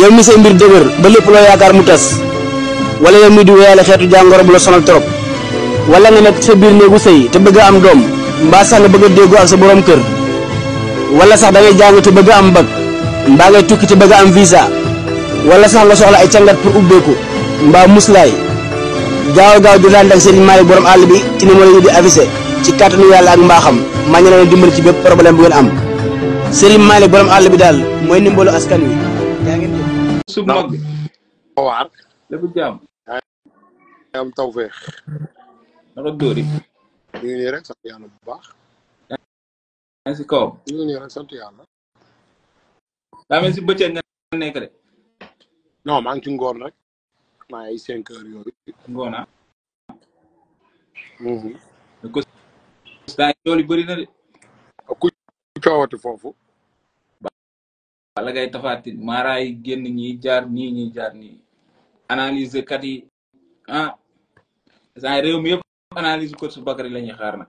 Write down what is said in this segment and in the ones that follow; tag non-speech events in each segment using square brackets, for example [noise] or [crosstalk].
yow mi sey mbir deuguer ba lepp lo yaakar mu tass wala yow mi di wéyale xetu jangoro bu la sonal torop wala nga nek sa bir neegu sey te bëgg am dom mba sax nga bëgg deggu ak sa borom kër wala sax da ngay jàng te bëgg am mba ngay tukki te bëgg am visa wala sax la soxla ay cangat pour ubbeeku mba muslay gaaw gaaw di ak seen may borom all bi ci ni mo la di avisé ci kàttanu yalla ak mbaaxam ma ñu lay dimbal ci bëpp problème bu ngeen am sëriñ malik borom dal. bi daal mooy askan wi ngeen su mag bi. waaw. lépp jaam. am tawfeex. naka dóori. ñu ngi nii rek sant yàlla bu baax. yaa ngi si kawam. ñu ngi nii rek sant yàlla. daa mel si bëccëg nekk de. non maa ngi ci ngoon rek. maa ngi ay cinq heures yooyu. ngoon ah. ko. saa yi tool yi bëri de. ku coowati foofu. Balla Gaye Tapha Tine maaraay génn ñi jaar nii ñi jaar nii analyse kat yi saa ah, réew mi yëpp analyse coach Bakary la ñuy xaar nag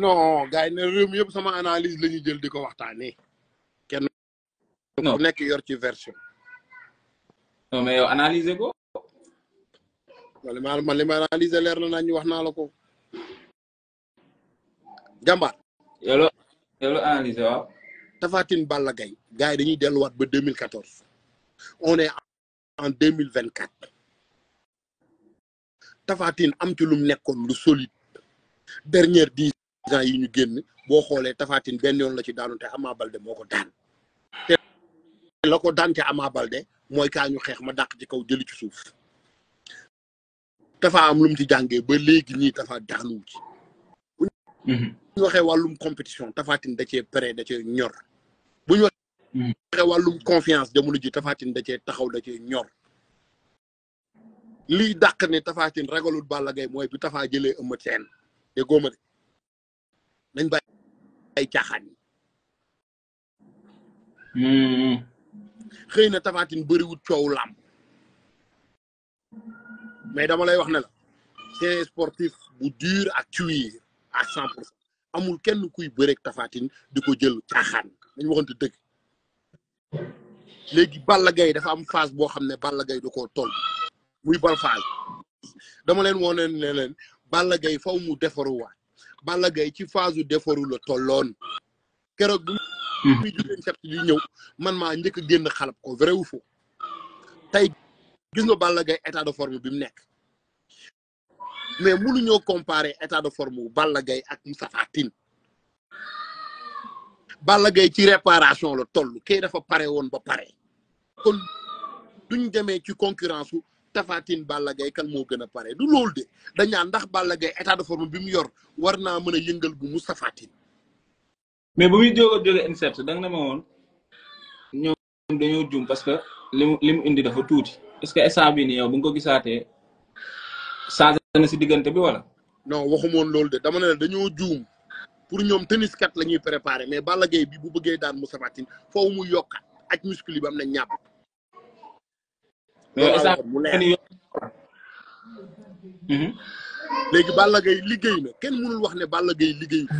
non gars yëpp sama analyse la jël di ko waxtaanee kenn ku nekk yor ci version non mais yow analyser ko wala ma man li leer na naa wax naa la ko jàmbaar yow loo analyser Tapha Tine Balla Gaye gars yi dañuy delluwaat ba 2014 on est en 2024 Tapha tafaatin am ci lum nekkoon lu solide dernière dix ans yi ñu génn boo xoolee Tapha benn yoon la ci daanu te Ama Balde moo ko daan te la ko mooy kaa ñu xeex ma dàq ci kaw jëli ci suuf Tapha am lu mu ci jàngee ba léegi ñii Tapha daanuwu ci Mm-hmm. bu ñu waxee wàllum compétition tafaatin da cee pré da cee ñor. bu ñu waxee wàllum confiance jamono ji tafaatin da cee taxaw da cee ñor. lii dàq ne Tafatine ragalul Balla Gaye mooy bi tafaa jëlee ëmmat seen te góoma de nañ bàyyi ay caaxaan yi. Mm-hmm. xëy na Tafatine bëriwul coow làmb mais dama lay wax ne la c'est sportif bu dur ak cuir. à cent pour cent amul kenn kuy bërek tafatin di ko jël caaxaan dañu waxante dëgg léegi Balla gay dafa am phase boo xam ne Balla Gaye da koo toll muy bal phase dama leen woo ne ne leen Balla Gaye faw mu defaruwaat Balla gay ci phase u defaru la tolloon keroog bu hmm. muy jugeen ñëw man maa njëkk a génn xalab ko vrai ou faux tey gis nga Balla Gaye état de forme bi mu nekk mais mënuñoo comparer état de forme wu Balla Gaye ak Moustapha Tine Balla Gaye ci réparation la toll kay dafa pare woon ba pare kon duñ demee ci concurrence u Tapha Balla Gaye kan moo gën a pare du loolu de dañ naan ndax Balla Gaye état de forme bi mu yor war naa mën a yëngal bu Moustapha Tine mais bu muy jóg a jóge insert da nga ne ma woon ñoom dañoo jum parce que li mu li mu indi dafa tuuti parce que instant bi ni bu nga ko gisaatee na si diggante bi wala. non waxumoon loolu de dama ne dañoo juum pour ñoom tennis kat la ñuy préparé mais Balla Gaye bi bu bëggee daan Moussa Fatin foofu mu yokkat ak muscle yi am na ñàpp. mais mhm. léegi Balla Gaye liggéey na kenn mënul wax ne Balla Gaye liggéey na.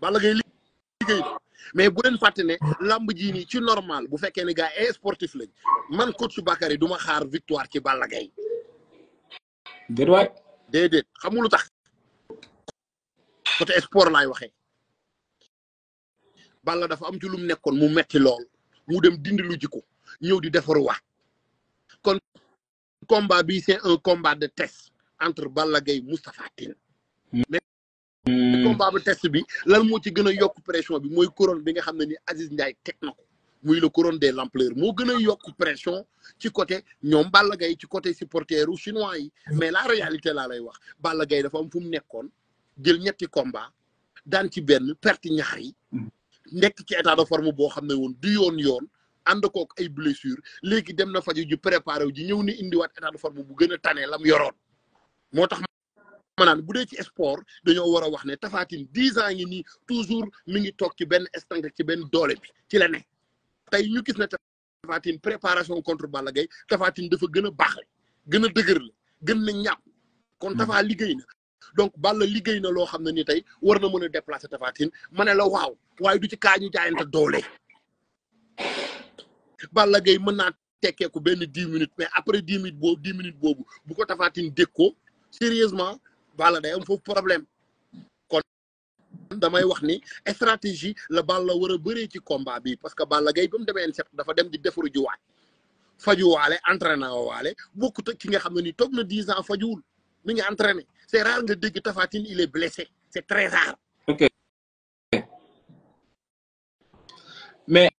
Balla Gaye liggéey na. mais bu leen fàtte ne lamb jii nii ci normal bu fekkee ne gars yi sportif lañ man kot Bakary du duma xaar victoire ci Balla gay déet waay. déedéet xam nga lu tax côté sport laay waxee. Balla dafa am ci lu mu nekkoon mu metti lool mu dem dindi lu jikko ñëw di wa kon combat bi c'est un combat de test entre Balla gay Moustapha Tine. mais Hmm. combat bu test bi lan mo ci gëna yok pression bi moy couronne bi nga xamné ni Aziz Ndiaye tek nako ko muy le couronne des l'ampleur mo gëna yok pression ci côté ñom Balla Gaye ci côté supporteru chinois yi mais la réalité la lay wax Balla Gaye dafa am fu mu nekkoon jël ñetti combat daan ci ben perte ñaar yi hmm. nekk ci état de forme bo xamné won woon du yoon yoon ànd kook ay blessure légui dem na faju ju préparer ji ñew ni indi wat état de forme bu gëna tané lam yoroon motax maanaam bu dee ci sport dañoo war a wax ne tafaatin dix ans ngi nii toujours mi ngi toog ci benn instant ci benn doole bi ci la ne tey ñu gis ne tafaatin préparation contre Balla Gaye tafaatin dafa gën a baax gën a dëgër la gën na ñàpp kon hmm. tafaa liggéey na donc Balla liggéey na loo xam ne ni tey war na mën a déplacer tafaatin ma ne la waaw waaye du ci kaa ñu jaayante doole Balla Gaye mën naa tekkeeku benn dix minutes mais après dix minutes boobu dix minutes boobu bu ko tafaatin dékkoo sérieusement Balla day am foofu problème kon damay wax ni stratégie le balle wara beure ci combat bi parce que Balla gay ba mu demee INSEP dafa dem di defaru juwaat fajuwaale entraîné waale bokkut ak ki nga xam ne ni toog na dix ans fajuwul mi ngi entraîner c'est rare nga dégg tafatine il est blessé c'est très rare. ok mais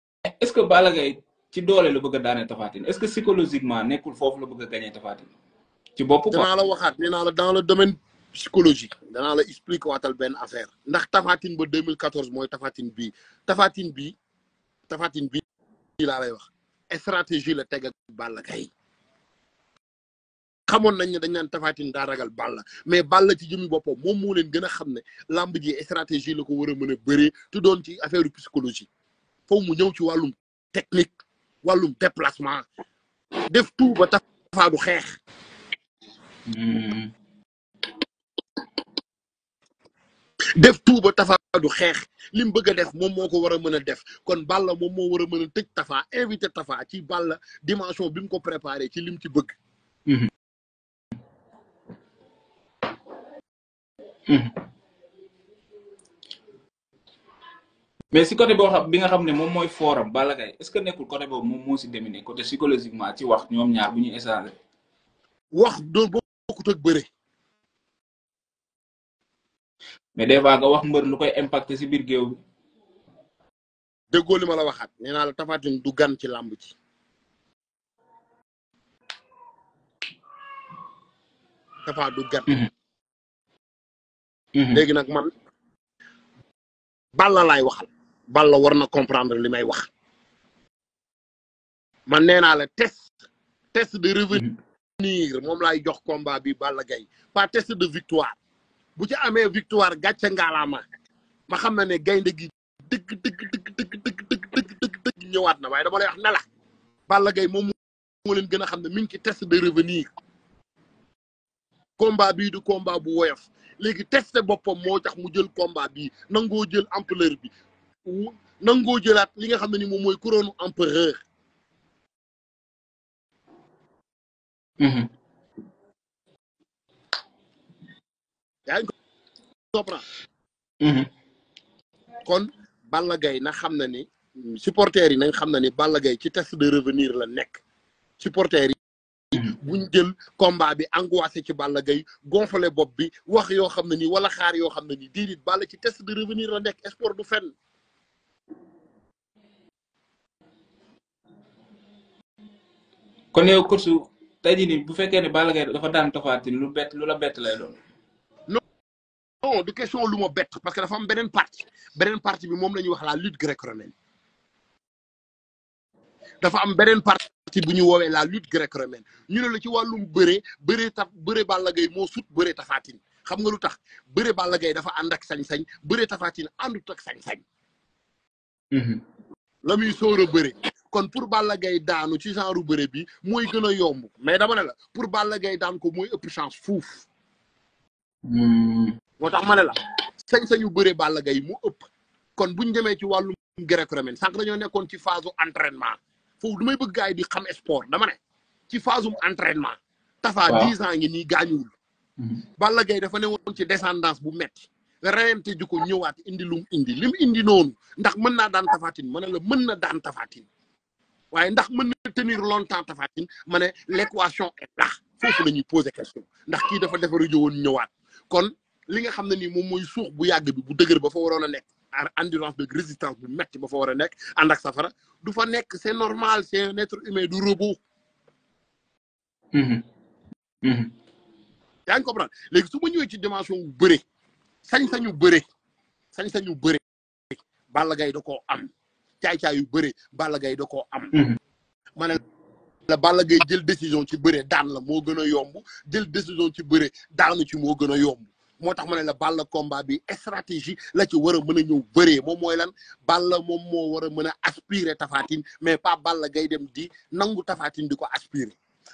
est-ce que Balla gay ci doole lu bëgg daané tafatine est-ce que psychologiquement nekul fofu lu bëgg gagner tafatine Tapha Tine ci bopp. dinaa la waxat dina la dans le domaine psychologie danaa la expliqué waatal benn affaire ndax tafatin ba 2014 mooy tafatin bii tafatin bii tafatin bii laa lay wax stratégie la teg ak Balla Gaye xamoon nañ ne dañ naan tafatin daa ragal Balla mais Balla ci jëmmi boppam moom moo leen gën a xam ne làmb ji stratégie la ko war a mën a bëree te doon ci affaire psychologie foofu mu ñëw ci wàllum technique wàllum déplacement def tout ba tafa xeex hmm. def tuuba Tafa du xeex li mu bëgg def moom moo ko war a mën a def kon Balla moom moo war a mën a tëj Tafa invité Tafa ci Balla dimension bi mu ko préparé ci lim ci bëgg. Mhm. Mhm. mais si côté boo xam bi nga xam ne moom mooy forum Balla Gaye est-ce que nekkul côté boobu moom moo si demee côté psychologiquement ci wax ñoom ñaar bu ñu échanger. wax doon bokkut ak bëre. mais des fois nga wax mbër lu koy impacté si biir géew bi. déggoo li ma la waxaat nee naa la Tapha Tine du gan ci làmb ci Tapha du gan. Mhm. Mhm. léegi nag man. Balla laay waxal. Balla war na comprendre li may wax. man nee naa la test. test de mhm. revenir moom laay jox combat bi Balla gay pas test de victoire. bu ci amee victoire gàcce ngaalaama ma xam na ne gaynde gi dëgg dëgg dëgg dëgg dëgg ñëwaat na waaye dama lay wax ne la Balla Gaye moo leen gën a xam ne mi ngi ci test de revenir combat bii du komba bu woyof léegi testé boppam moo tax mu jël komba bi nangoo jël ampleur bi nangoo jëlaat li nga xam ne ni moom mooy couronne empereur mhm. yaa ngi comprendre mm-hmm. kon Balla Gaye na xam na ni supporters yi nañ xam na ni Balla Gaye ci test de revenir la nek, supporters yi mm-hmm. buñ jël combat bi angoissé ci Balla Gaye gonflé bopp bi wax yoo xam ne wala xaar yoo xam ne nii déedéet Balla ci test de revenir la nek sport du fenn kon yow course tey jii nii bu fekkee ne Balla Gaye dafa daan Tapha Tine lu bett lu la bett lay doon non oh, du question lu ma bett parce que dafa am beneen parti beneen parti bi moom la ñuy wax la lutte gréco-romaine dafa am beneen parti bu ñu woowee la lutte gréco-romaine ñu ne la ci wàllum bëree bëree taf bëree Balla Gaye moo sut bëree tafaatin xam nga lu tax bëree Balla Gaye dafa ànd ak sañ-sañ bëree tafaatin àndut ak sañ-sañ. Mhm. la muy sóor a kon pour Balla Gaye daanu ci genre bëre bi mooy gën a yomb mais dama ne la pour Balla Gaye daan ko mooy ëpp chance fuuf. Mhm. moo tax ma ne la sañ-sañu bëre Balla Gaye mu ëpp kon buñ demee ci wàllum grec-romaine sànq dañoo nekkoon ci phase entrainement foofu du may bëgg gars yi di xam sport dama ne ci phase entraînement. Tafa dix ans ngi nii gaañuwul. Mhm. Balla gay dafa ne newoon ci descendance bu metti reyante ji ko ñëwaat indi lum indi lim indi noonu ndax mën naa daan tafaatin ma ne la mën na daan tafaatin waaye ndax mën na tenir longtemps tafaatin ma ne l' équation est là foofu la ñuy poser question ndax kii dafa defaru jo woon ñëwaat li nga xam ne nii moom mooy suux bu yàgg bi bu dëgër ba fa waroon a nekk endurance de résistance bu metti ba fa war a nekk ànd ak safara du fa nekk c'est normal c'est un être humain du robot. Mm-hmm. Mm-hmm. yaa ngi comprendre léegi suma ma ñëwee ci dimension wu bëre sañ-sañu bëre sañ-sañu bëre Balla Gaye da koo am caay-caay yu bëre Balla Gaye da koo am mm-hmm. ma ne la jël décision ci bëre daan la moo gën a yomb jël décision ci bëre daanu ci moo gën a yomb moo tax ma ne la Balla combat bi stratégie la ci war a mën a ñëw bëree moom mooy lan Balla moom moo war a mën a aspirer Tapha mais pas Balla gay dem di nangu tafaatin di ko aspirer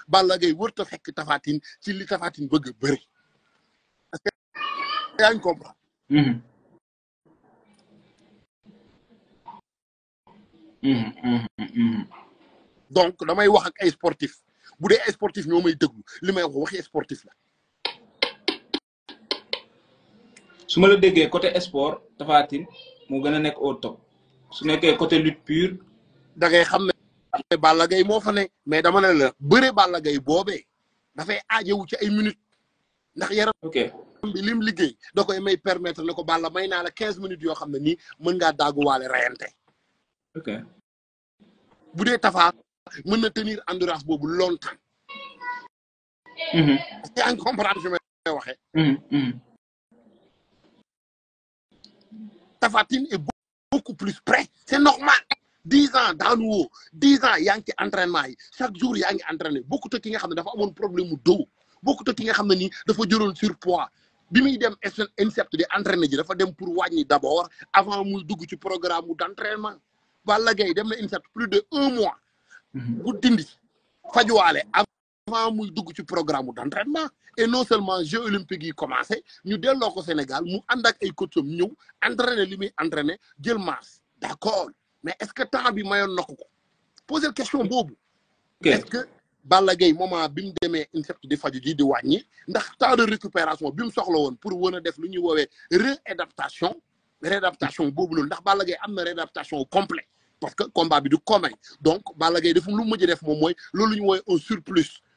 Balla gay wër ta fekk Tapha ci li Tapha Tine bëgg a bëri parce yaa ngi comprendre mm-hmm. Mm-hmm. Mm-hmm. donc damay wax ak ay sportif bu dee sportif ñoo may déglu li may wax waxi sportif la su ma la déggee côté sport Tapha Tine moo gën a nekk au top su nekkee côté lutte pure. da ngay xam ne Balla gay moo fa ne mais dama ne la bëre Balla Gaye boobee dafay aajewu ci ay minutes ndax yaram. ok bi lim liggéey da koy may permettre ne ko Balla may naa la quinze minutes yoo xam ne nii mën ngaa daaguwaale rayante. ok bu dee Tapha mën na tenir endurance boobu longtemps. Mhm. yaa ngi Tafatine est beaucoup plus près. C'est normal. 10 ans dans le haut, 10 ans, il y a un entraînement. Chaque jour, il y a un entraînement. Beaucoup de gens ont un problème dos. Beaucoup de gens ont un surpoids. bi surpoids. dem INSEP di entraîné ji dafa dem pour wàññi d'abord, d'abord, avant muy faire ci programme d'entraînement. entraînement Balla Gaye dem na INSEP plus de un mois. bu mhm. dindi fajuwaale avant programme d'entraînement et non seulement Jeux olympiques yi commencé nous delloo au Sénégal nous avons ak ay nous ñëw entraîné li entraîner entraîné mars d'accord mais est ce que temps bi mayoon na ko ko la question Bob. est ce que Balla moment bi mu une certaine fois de ji di ndax temps de récupération pour vous def lu réadaptation réadaptation Bob, loolu ndax une réadaptation complet parce que combat est du commun donc Balla Gaye defum lu mu mujj def un surplus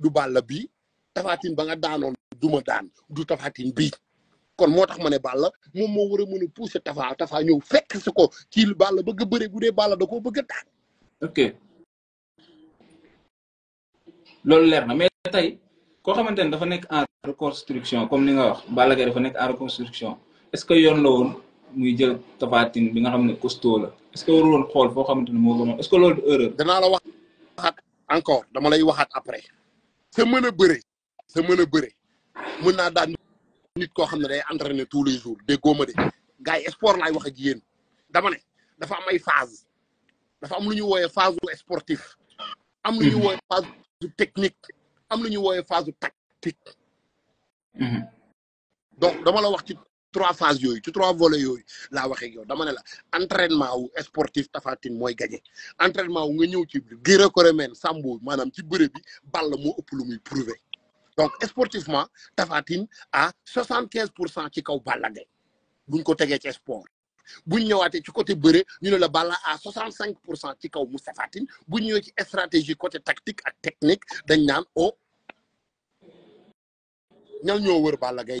du Balla bii tafatin ba nga daanoon duma daan du tafatin bi kon moo tax ma ne Balla moom moo war a mën a pousser tafa tafa ñëw fekk si ko kii lu Balla bëgg a bëre bu dee Balla da koo bëgg a daan. ok loolu leer na mais tey koo xamante ne dafa nekk en reconstruction comme ni nga wax Balla Gaye dafa nekk en reconstruction est-ce que yoon la woon muy jël tafatin bi nga xam ne costaud la est-ce que warul woon xool foo xamante ne moo gënoon est-ce que loolu erreur. danaa la waxaat encore dama lay waxaat après. te mën a bëre te mën a bëre mën naa daan nit koo xam ne day entraîner tous les jours de góoma de gars yi sport laay wax ak yéen dama ne dafa am ay phase dafa am lu ñuy wooyee phase sportif am lu ñu mhm. wooyee phase technique am lu ñu wooyee phase tactique mhm. donc dama la wax ci trois phases yooyu ci trois volets yooyu la waxe yow dama ne la entraînement wu sportif tafatine moy gagné entraînement wu nga ñëw ci géré koremène sambo maanaam ci bëre bi ball mo upp lu muy prouvé donc sportivement tafatine à 75% ci kaw Balla Gaye buñ ko tegee ci sport buñ ñëwaatee ci côté bëre ñu ne la Balla à 65% ci kaw Moustapha Tine buñ ñëw ci stratégie côté tactique ak technique dañ naan o oh, ñal ñoo wër Balla Gaye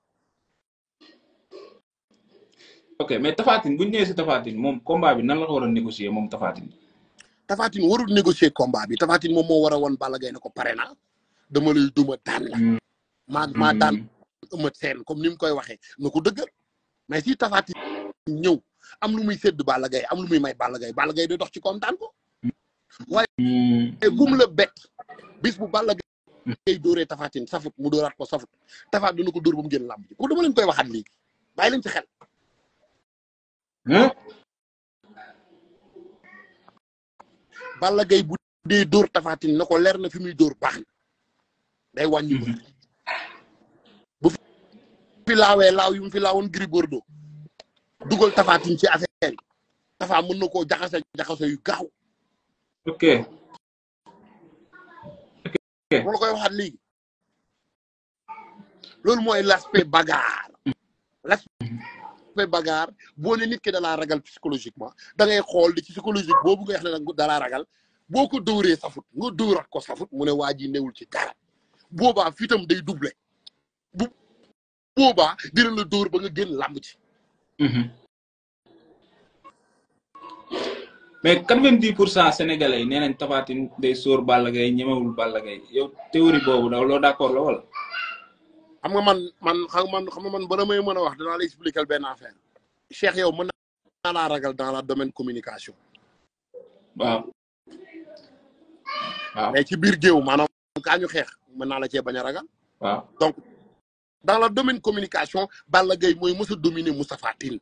ok mais Tafatine bu ñu ñëwee si Tafatine moom combat bi nan la ko war a négocier moom Tafatine. Tafatine warul négocier combat bi moom moo war a woon Balla ne ko pare na dama lay duma daan la. Hmm. maa maa daan ëmmat seen comme ni mu koy waxee na ko dëggal mais si Tafatine ñëw am lu muy sedd Balla gay am lu muy may Balla gay bala gay day dox ci kom daan ko. Hmm. waaye hmm. gum la bett bis bu bala Gaye doore Tafatine safut mu dóoraat ko safut Tafatine dina ko dóor ba mu génn làmb Balla Gaye bu dee dóor tafaatin na ko leer na fi muy dóor baax na day wàññi mm-hmm. bu fi laawee laaw yu mu fi laawoon Gris Bordeaux dugal ci affaire yi tafaa mën na koo jaxase jaxase yu gaaw ok ok wala koy waxaat léegi loolu mooy l'aspect fay bagarre boo ne nit ki dalaa ragal psychologiquement da ngay xool di psychologique boobu nga wax ne nag dalaa ragal boo ko dóoree safut nga dóoraat ko safut mu ne waa ji newul ci dara boobaa fii tam day doublé bu boobaa dina la dóor ba nga génn làmb ci mhm. mais quatre-vingt-dix pour cent sénégalais yi nee nañ Tapha Tine day sóor Balla Gaye ñemewul Balla Gaye yow théorie boobu daw loo d'accord la wala xam nga man man xam man xam nga man bala may mën a wax danaa la expliquer benn affaire Cheikh yow mën naa ragal dans la domaine communication. mais ci biir géew maanaam kaa ñu xeex mën naa la cee bañ a ragal. waaw donc dans la domaine communication Balla Gaye mooy mos a dominer Moustapha Tine.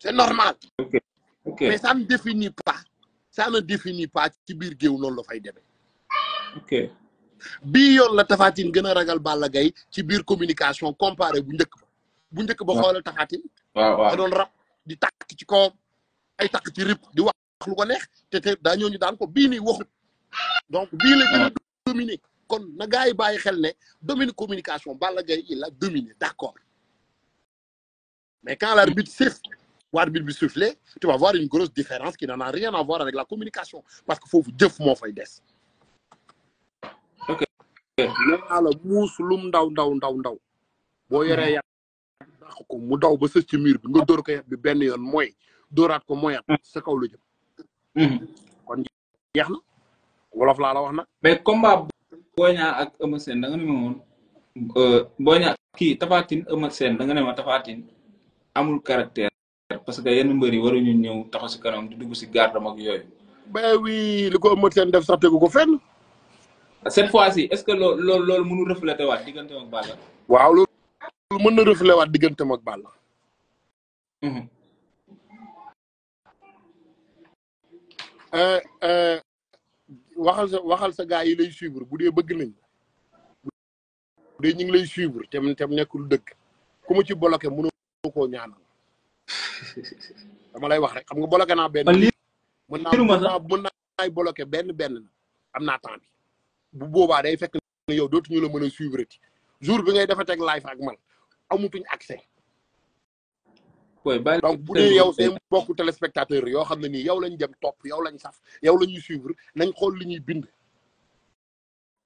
c'est normal. mais ça ne définit pas ça ne définit pas ci biir géew loolu la fay demee. bii yoon la Tapha Tine gën a ragal Balla gay ci biir communication comparé bu njëkk ba bu njëkk ba xoolal Tapha Tine waaw waaw da doon rab di takk ci kawam ay takk ci rib di wax lu ko neex te te daa ñooñu daan ko bii nii waxut donc bii la gën a dominé kon na gars yi bàyyi xel ne dominé communication Balla gay il a dominé d'accord mais quand l'arbitre siffle ou arbitre bi soufflé tu vas voir une grosse différence qui n'en a rien à voir avec la communication parce que foofu jëf moo fay des lo ala la lum ndaw ndaw ndaw ndaw bo hmm. yere ya dàq ko mu daw ba sës ci mur bi nga dor ko yàq bi ben yon moy dorat ko mooyaat sa kaw lu jëm hmm. kon jeex na wolof la la wax na mais combat boña ak Eumeu sen da nga ne ma woon euh, Boy Niang kii Tapha Tine da nga ne ma tafatin amul caractère parce que yenn mbeuri waru ñu ñew taxaw ci kanam di dugg ci gardam ak yoy ba wi liko ko sen def sax tegu ko fenn cette fois-ci est-ce que lool loolu loolu mënu refléter waat digganteem ak Balla. waaw loolu mën na refléter waa digganteem ak Balla. Mhm. Euh, euh, waxal sa waxal sa gars yi lay suivre bu dee bëgg nañ bu dee ñu ngi lay suivre tem tem nekkul dëkk ku mu ci bloqué mënoo koo ñaanal dama lay wax rek xam nga bloqué naa benn. man lii mën naa mën naa bloqué benn benn am naa temps bu boobaa day fekk ne yow dootuñu la mën a suivre ti jour bi ngay dafa teg live ak man amutuñ accès. donc bu dee yow seen mbokku téléspectateur yoo xam ne nii yow lañ jëm topp yow lañ saf yow la ñuy suivre nañ xool li ñuy bind.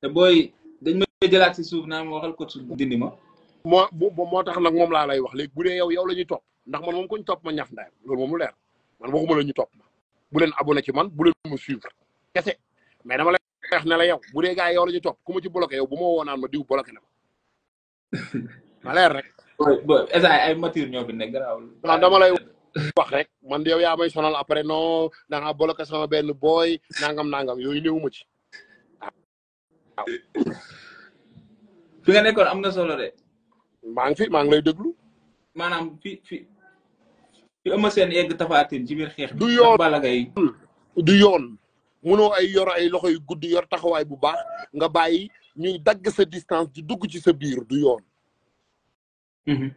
te booy dañ may jëlaat si suuf naa ma waxal ko su dindi ma. moo moo tax nag moom laa lay wax léegi bu dee yow yow la ñuy topp ndax man moom ko ñu topp ma ñaf ndaayam loolu moom lu leer man waxuma la ñu topp ma bu leen abonné ci man bu leen ma suivre kese mais dama xeex na la yow bu dee gars yow la ñu topp ku ma ci bloqué yow bu ma woo naan ma diw bloqué na ma. leer rek. ay mature ñoo fi nekk garaawul. dama lay wax rek man yow yaa may sonal après non da ngaa bloqué sama benn booy nangam nangam yooyu néew ma ci. waaw. [laughs] fi nga nekkoon am na solo de. maa fi maa ngi lay déglu. maanaam fi fi fi ama seen egg tafaatin ci biir xeex. du yoon du yoon. mënoo ay yor ay loxo yu gudd yor taxawaay bu baax nga bàyyi ñuy dagg sa distance di dugg ci sa biir du yoon. Mm-hmm.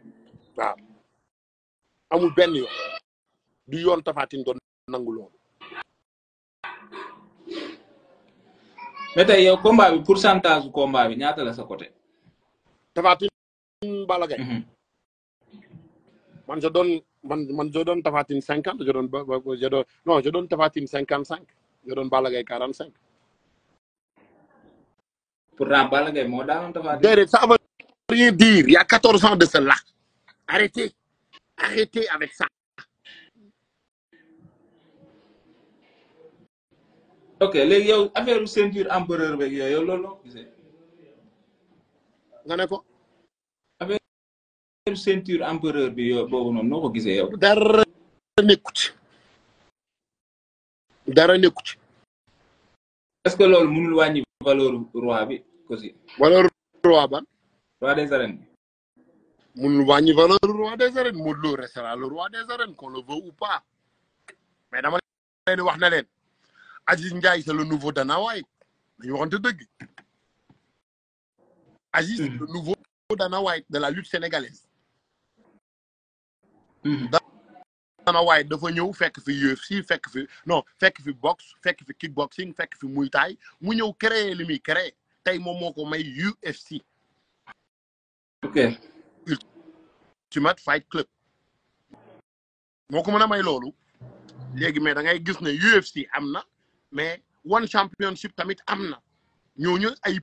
waaw benn yoon du yoon tafaatin doon nangu loolu. mais tey yow combat bi pourcentage combat bi ñaata la sa côté. tafaatin Balla Gaye. Mm-hmm. man je donne man man je donne tafaatin cinquante je tafaatin cinquante cinq. yoroon Balla Gaye 45. pourtant Balla Gaye moo daanoon Tapha Tine. déedéet ça veut rien dire quatorze ans de cela arrêtez avec ça. ok léegi yow affaire ceinture empereur beeg yooyu yow loolu gisee. nga ne ko. affaire ceinture empereur bi yow boobu noonu ko gisee yow. dara nekkut. dara nekku ci. est-ce que loolu mënul wàññi valeur roi bi aussi. valeur roi ban. roi des arènes. mënul wàññi valeur roi des arènes Modou Lo restera le roi des arènes qu'on le veut ou pas mais dama leen wax na leen Aziz Ndiaye c'est le nouveau Dana White dañu waxante dëgg. Aziz le nouveau Dana White de la lutte sénégalaise. Hmm. na waaye dafa ñëw fekk fi UFC fekk fi non fekk fi boxe fekk fi kickboxing fekk fi muytaay mu ñëw créer li muy créer tey moom moo ko may UFC. ok. Ultimate Fight Club. moo ko mën a may loolu. léegi mais da ngay gis ne UFC am na mais one championship tamit am na ñooñu ay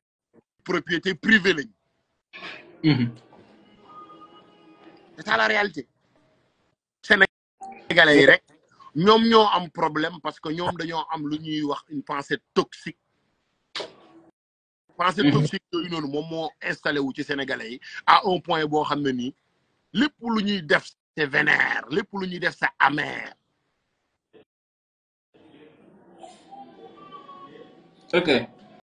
propriété privée lañ. Mhm. c'est la réalité. Sénégal sénégalais yi rek ñom ñoo am problème parce que ñom dañoo am lu ñuy wax une pensée toxique pensée mhm. toxique yo noonu mom mo installé wu ci sénégalais yi à un point bo xamné ni lepp lépp lu ñuy def c'est vénère lepp lu ñuy def c'est amer ok